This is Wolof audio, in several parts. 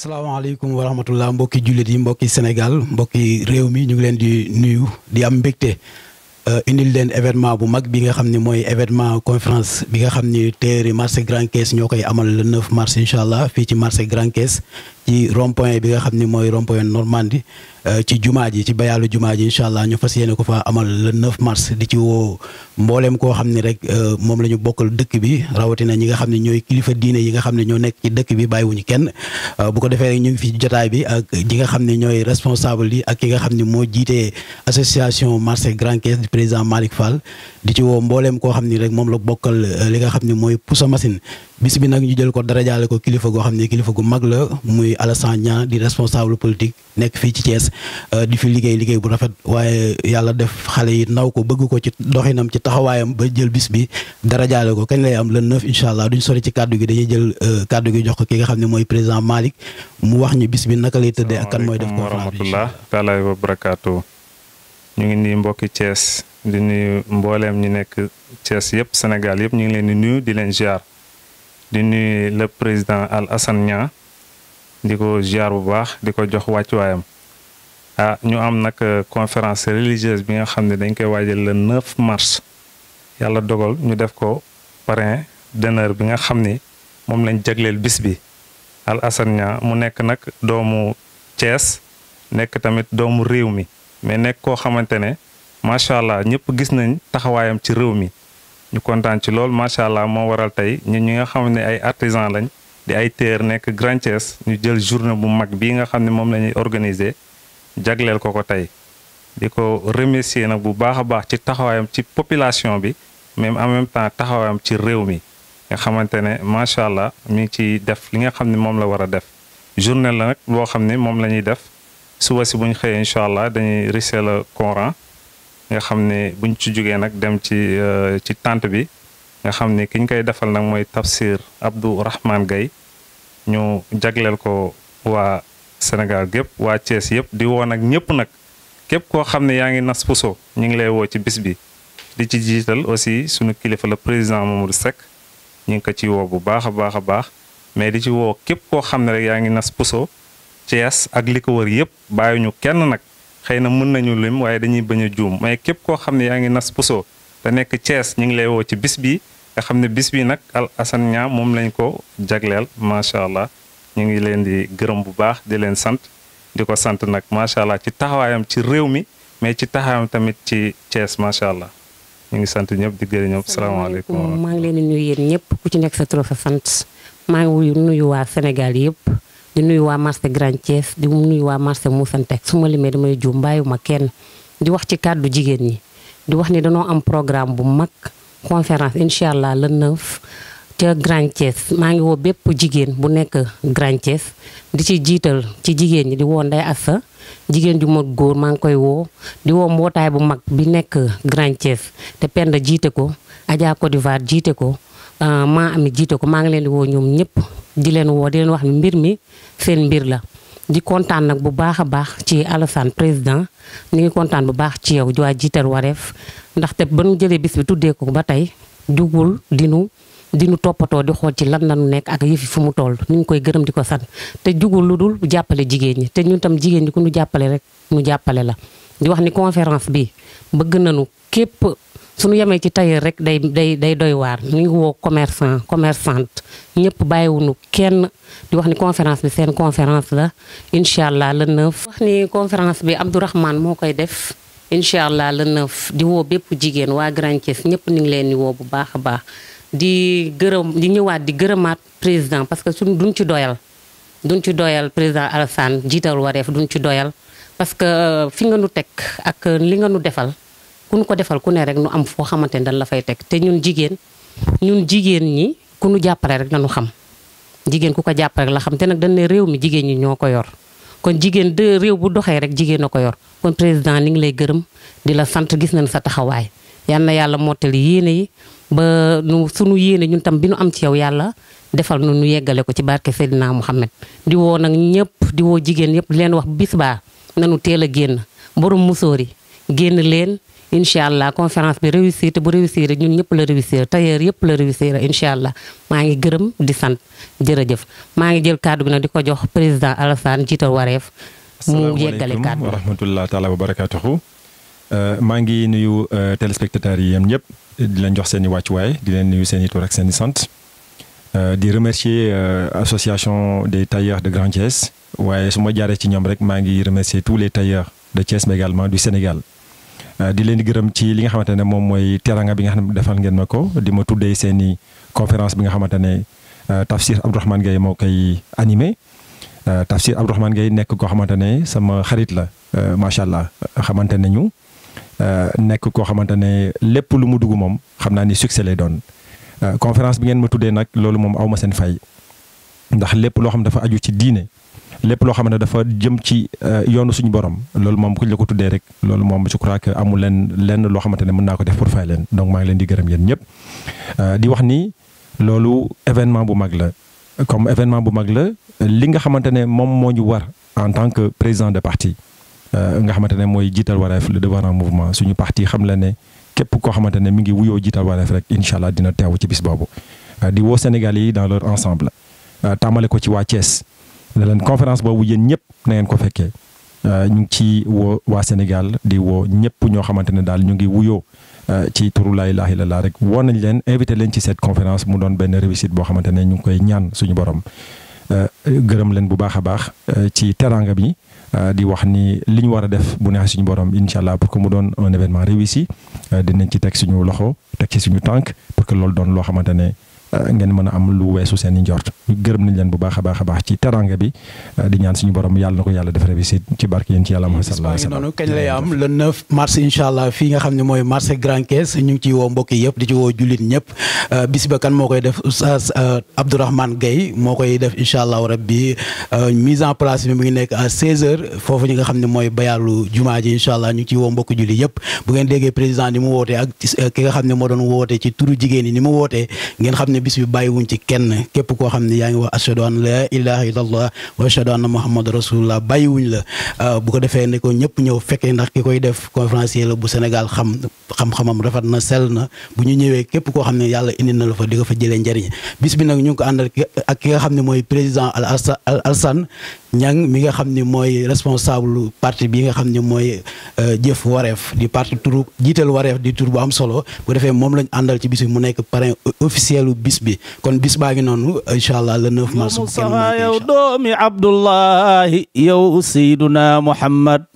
salaamaaleykum wa rahmatullah mbokki jullit yi mbokki Sénégal mbokki réew mi ñu ngi leen di nuyu di am mbégte euh, indil leen événement bu mag bi nga xam ne mooy événement conférence bi nga xam ni téeri marché Grand Thiès ñoo koy amal le 9 mars incha allah fii ci marché Grand Thiès ci rond bi nga xam ni mooy rond-point euh, ci jumaa ji ci bayaalu jumaa ji incha allah ñu fas yéene ko fa amal le 9 mars di ci woo mbooleem koo xam ne rek euh, moom la ñu bokkal dëkk bi rawatina ñi nga xam ne ñooy kilifa diine yi nga xam ne ñoo nekk ci dëkk bi bàyyiwuñu kenn euh, bu ko defee ñu ngi fi jotaay bi ak ñi nga xam ne ñooy responsable yi ak ki nga xam ne moo jiitee association marché Grand président Malick Fall di ci woo mbooleem koo xam ni rek moom la bokkal li nga xam ne mooy Poussa Massine bis bi nag ñu jël ko darajaale ko kilifa goo xam ne kilifa gu mag la muy Alassane Niang di responsable politique nekk fii ci cees euh, di fi liggéey liggéey bu rafet waaye yàlla def xale yi naw ko bëgg ko ci doxinam ci taxawaayam ba jël bis bi dara ko kañ lay am le neuf incha allah duñ sori ci kàddu gi dañuy jël euh, kàddu gi jox ko ki nga xam ne mooy président malik mu wax ñu bis bi naka lay tëddee ak kan mooy def ko rahmatullah taala wa barakaatu ñu ngi ni mbokki Thiès mbooleem ñi nekk Thiès yëpp Sénégal yëpp ñu ngi leen di nuyu di leen ziar di nuyu le président Al Assane Niang di ko ziar bu baax di ko jox wàccuwaayam ah ñu am nag euh, conférence religieuse bi nga xam ne dañ koy waajal le 9 mars yàlla dogal ñu def ko parrain d'honneur bi nga xam ni moom lañ jagleel bis bi Al Assane Niang mu nekk nag doomu Thiès nekk tamit doomu réew mi mais nekk koo xamante ne macha allah ñëpp gis nañ taxawaayam ci réew mi ñu kontaan ci lool macha allah moo waral tey ñun ñi nga xam ne ay artisan lañ di ay téer nekk Grand ñu jël journée bu mag bii nga xam ne moom la ñuy organiser jagleel ko ko tey di ko remercier nag bu baax a baax ci taxawaayam ci population bi même en même temps taxawaayam ci réew mi nga xamante ne macha allah mi ngi ci def li nga xam ne moom la war a def journée la nag boo xam ne moom la ñuy def suba si bu ñu xëyee incha allah dañuy riser le Coran nga xam ne buñ ci jógee nag dem ci euh, ci tànt bi nga xam ne kiñ ñu koy defal nag mooy tafsir Abdou Rahman Gaye ñu jagleel ko waa Sénégal gépp waa Thiès yëpp di woo nag ñëpp nag képp koo xam ne yaa ngi nas puso ñu ngi lay woo ci bis bi di ci jiital aussi suñu kilifa la président Mamadou Seck ñu ngi ko ci woo bu baax a baax a baax mais di ci woo képp koo xam ne rek yaa ngi nas puso Thiès ak li ko wër yëpp bàyyi kenn nag xëy na mën nañu lim waaye dañuy bañ a juum may képp koo xam ne yaa ngi nas puso te nekk Thiès ñu ngi lay woo ci bis bi nga xam ne bis bi nag Al Hassane Niang moom lañ ko jagleel macha allah ñu ngi leen di gërëm bu baax di leen sant di ko sant nag macha allah ci taxawaayam ci réew mi mais ci taxawaayam tamit ci Thiès macha allah ñu ngi sant ñëpp di gërëm ñëpp salaamaaleykum maa ngi leen di nuyu yéen ñëpp ku ci nekk sa trop fa sant maa ngi nuyu waa Sénégal yëpp. di nuyu waa marché Grand Thiès di nuyu waa marché Moussantek su ma limee damay juum bàyyiwuma kenn di wax ci kàddu jigéen ñi di wax ni danoo am programme bu mag conférence incha allah le 9 ca Grand Thiès maa ngi woo bépp jigéen bu nekk Grand Thiès di ci jiital ci jigéen ñi di woo Ndeye Assa jigéen ju mag góor maa ngi koy woo di woo mbootaay bu mag bi nekk Grand Thiès te Penda jiite ko Adja Côte jiite ko. Euh, maa ami jiite ko maa ngi leen di woo ñoom ñëpp di leen woo di leen wax ni mbir mi seen mbir la di kontaan nag bu baax a baax ci Alassane président ñu ngi kontaan bu baax ci yow waa jiital wareef ndaxte ba nu jëlee bis bi tuddee ko ba tey jugul dinu dinu toppatoo di xool ci lan la nu nekk ak yëfi fu mu toll ñu ngi koy gërëm di ko sant te jugul lu dul jàppale jigéen ñi te ñu tam jigéen ñi ku ñu jàppale rek ñu jàppale la di wax ni conférence bi bëgg nañu képp suñu yemee ci tailleur rek day day day doy waar ñu ngi woo commerçant commerçante ñëpp bàyyiwuñu kenn di wax ni conférence bi seen conférence la incha allah le 9. wax ni conférence bi Abdourahmane moo koy def incha allah le 9 di woo bépp jigéen waa Grand Thiès ñëpp ñu ngi leen di woo bu baax a baax di gërëm di ñëwaat di gërëmaat président parce que suñ duñ ci doyal. duñ ci doyal président Alassane jiital wareef duñ ci doyal parce que euh, fi nga nu teg ak li nga nu defal. ku ko defal ku ne rek nu am foo xamante ni dañ la fay teg te ñun jigéen ñun jigéen ñi ku nu jàppale rek lañu xam jigéen ku ko jàppale rek la xam te nag dañ ne réew mi jigéen ñi ñoo ko yor kon jigéen de réew bu doxee rek jigéen a ko yor kon président ni ngi lay gërëm di la sant gis nañ sa taxawaay yal na yàlla mottali yéene yi ba nu sunu yéene ñun tam bi nu am ci yow yàlla defal nu nu yeggale ko ci barke Seydina Muhammad di woo nag ñëpp di woo jigéen yëpp di leen wax bis baa nanu teel a génn borom musóor yi incha allah conférence bi réussir te bu réussir ñun ñëpp la réussir tailleur yëpp la réussir incha allah maa ngi gërëm di sant jërëjëf maa ngi jël kàddu bi di ko jox président Alassane jiital wareef. mu yeggale kàddu wa rahmatullah taala wa barakatuhu euh, maa ngi nuyu euh, téléspectateurs yi yéen ñëpp di leen jox seen i wàccuwaay di leen nuyu seen i tur ak seen i sant. Euh, di remercier association des tailleurs de Grand Thiès waaye su ma jaaree ci ñoom rek maa ngi remercier tous les tailleurs de Thiès mais également du Sénégal. Euh, di leen di gërëm ci li nga xamante ne moom mooy teranga bi nga xam ne defal ngeen ma ko di ma tuddee seeni i conférence bi nga xamante ne euh, Tafsir Abdourahmane Gaye moo koy animé euh, Tafsir Abdourahmane Gaye nekk koo xamante ne sama xarit la macha allah xamante ne ñu nekk koo xamante ne lépp lu mu dugg moom xam naa ni succès lay doon conférence bi ngeen ma tuddee nag loolu moom aw ma seen fay ndax lépp loo xam dafa aju ci diine. lépp loo xam ne dafa jëm ci euh, yoonu suñu borom loolu moom kuñ la ko tuddee rek loolu moom je crois que amul leen lenn loo xamante ne mën naa ko def pour fay leen donc maa ngi leen di gërëm yéen ñëpp euh, di wax ni loolu événement bu mag la comme événement bu mag la li nga xamante ne moom moo ñu war en tant que président de parti euh, nga xamante ne mooy jiital wareef le devoir en mouvement suñu parti xam la ne képp ko xamante ne mi ngi wuyoo jiital wareef rek incha allah dina teew ci bis boobu di woo Sénégal yi dans leur ensemble tàmmale ko ci waa ne leen conférence boobu yéen ñëpp na ngeen ko fekkee euh, ñu ngi ci woo waa Sénégal di woo ñëpp ñoo xamante ne daal ñu ngi wuyoo euh, ci turu laa ilaaha laa rek woo nañ leen invité leen ci cette conférence mu doon benn réussite boo xamante ne ñu ngi koy ñaan suñu borom euh, gërëm leen bu baax a baax ci teranga bi di wax ni li ñu war a def bu neex suñu borom incha allah pour que mu doon un événement réussi dinañ ci teg suñu loxo teg ci suñu tànk pour que loolu doon loo xamante ne. Euh, ngeen mën a am lu weesu seen i njort gërëm nañ leen bu baax a baax a baax ci teranga bi euh, di ñaan suñu borom yàlla na ko yàlla def réussite ci barke yéen di ci woo jullit ñëpp euh, bis moo koy def oustaz Abdourahmane moo koy def incha allah rabbi mise en place bi mu ngi nekk à 16h foofu ñi nga xam ne mooy bayaalu jumaa ji incha allah ñu ngi ciy woo jullit yëpp bu ngeen déggee président ni mu wootee ak ki nga xam ne moo doon wootee ci turu jigéen ne bis bi bàyyiwuñ ci kenn képp koo xam ne yaa ngi wax ashadu la ilaha illallah wa ashadu anna muhammad rasulullah bàyyiwuñ la euh, bu ko defee ne ko ñëpp ñëw fekkee ndax ki koy def conférencier la bu Sénégal xam xam-xamam rafet na sell na bu ñu ñëwee képp koo xam ne yàlla indi na la fa di ko fa jëlee njëriñ bis bi nag ñu ngi ko àndal ak ki nga xam ne mooy président Alassane ñang mi nga xam ni mooy responsable parti bi nga xam ni mooy euh, jëf wareef di parti turu jiital wareef di tur bu am solo bu defee moom lañ àndal ci bis bi mu nekk parrain officiel bis bi kon bis baa ngi noonu incha allah le 9 mars Mustafa yow doomi Abdullahi yow sayduna Muhammad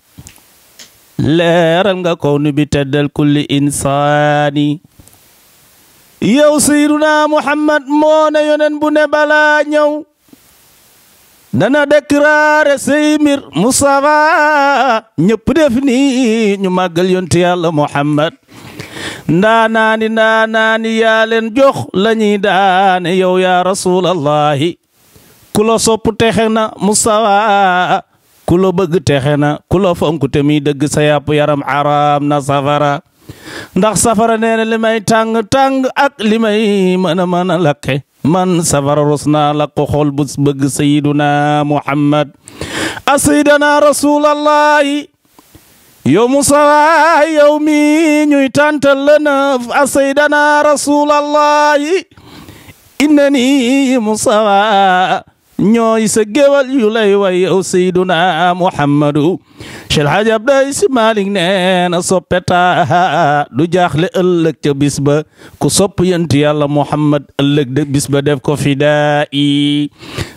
nga kow nu bi teddal kulli insaani yow sayduna Muhammad moo ne yonen bu ne balaa ñëw dana déclaré say mbir Moustapha ñëpp def ni ñu màggal yonti yàlla Muhammad ndaanaani ndaanaani yaa leen jox la ñuy daane yow yaa rasulallahi ku la sopp texe na Moustapha ku bëgg texe na ku la te mi dëgg sa yàpp yaram araam na safara ndax safara nee na tàng tàng ak li may mën a mën lakke man safara rus naa la ko xool bu bëgg sayiduna muhammad a sayidana rasulallahi yow musa yow mi ñuy tàntal la a sayidana rasulallahi innani musa ñooy sa géwal yu lay way yow sayduna muhammadu chel hajab day si maalik nee na soppeta du jaaxle ëllëg ca bis ku sopp yent yàlla muhammad ëllëg de bis ba def ko fidaa i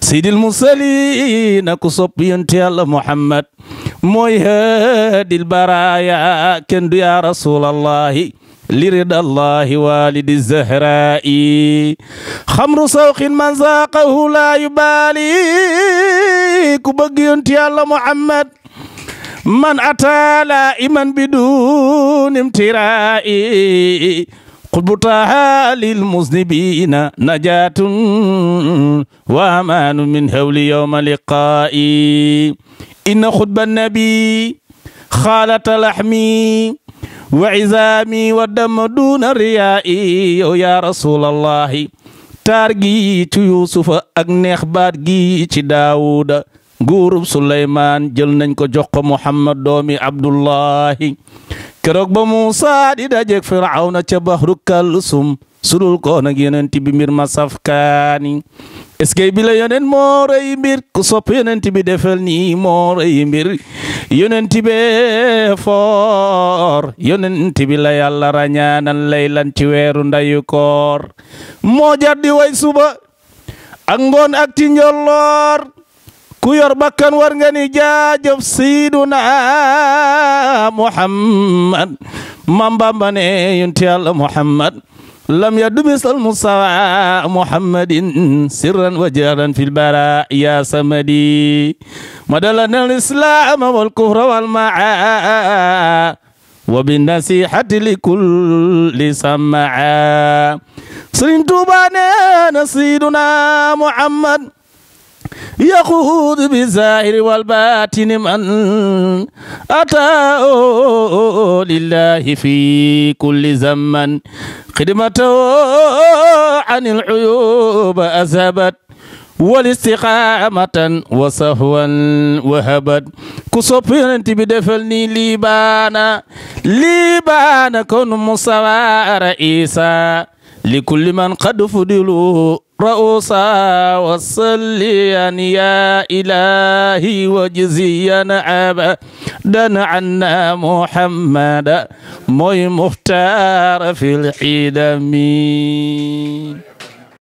sidil mursaliin ku sopp yent yàlla muhammad mooy haadil baraaya kenn du yaa rasulallahi li ridallahi walidi zahra'i xamru sawqin man zaqahu la yubali ku bëgg yonti yàlla muhammad man ata la iman bidun imtira'i qutbu taha lil muznibina najatun wa amanu min hawli yawma liqa'i inna xutba nabi xaalata laxmi wa izaami wa dama duuna riyaayi yow yaa rasulallahi taar gi ci yuusufa ak neex baat gi ci daawuda nguurub suleymaan jël nañ ko jox ko muhammad doomi abdullahi keroog ba muusa di dajeek firawna ca bahru kalsum sudul ko nag yonent bi mbir ma saf kaani est-ce que bi la yonent mbir ku sopp yonent bi defal ni moo rëy mbir yonent bee foor yonent bi la yàlla rañaanan lay ci weeru ndayu koor di way suba ak ngoon ak ci njolloor ku yor bakkan war nga ni jaajëf sayyiduna muhammad mam bamba ne yonent yàlla muhammad lam yaddu misal musawa muhammadin sirran wa jahran fil bara ya samadi madalla al islam wal kufra wal ma'a wa bi nasihati li kulli samaa Sëriñ Tuubaa nee na sayyiduna muhammad يقود بالظاهر والباطن من أتى لله في كل زمن خدمته عن العيوب أذهبت والاستقامة وصهوا وهبت كسوب ينتي بدفلني ليبانا ليبانا كون مصوى رئيسا لكل من قد فضلوه رؤوسا وصليا يا إلهي وجزيا أبدا عنا محمد موي مختار في الحلم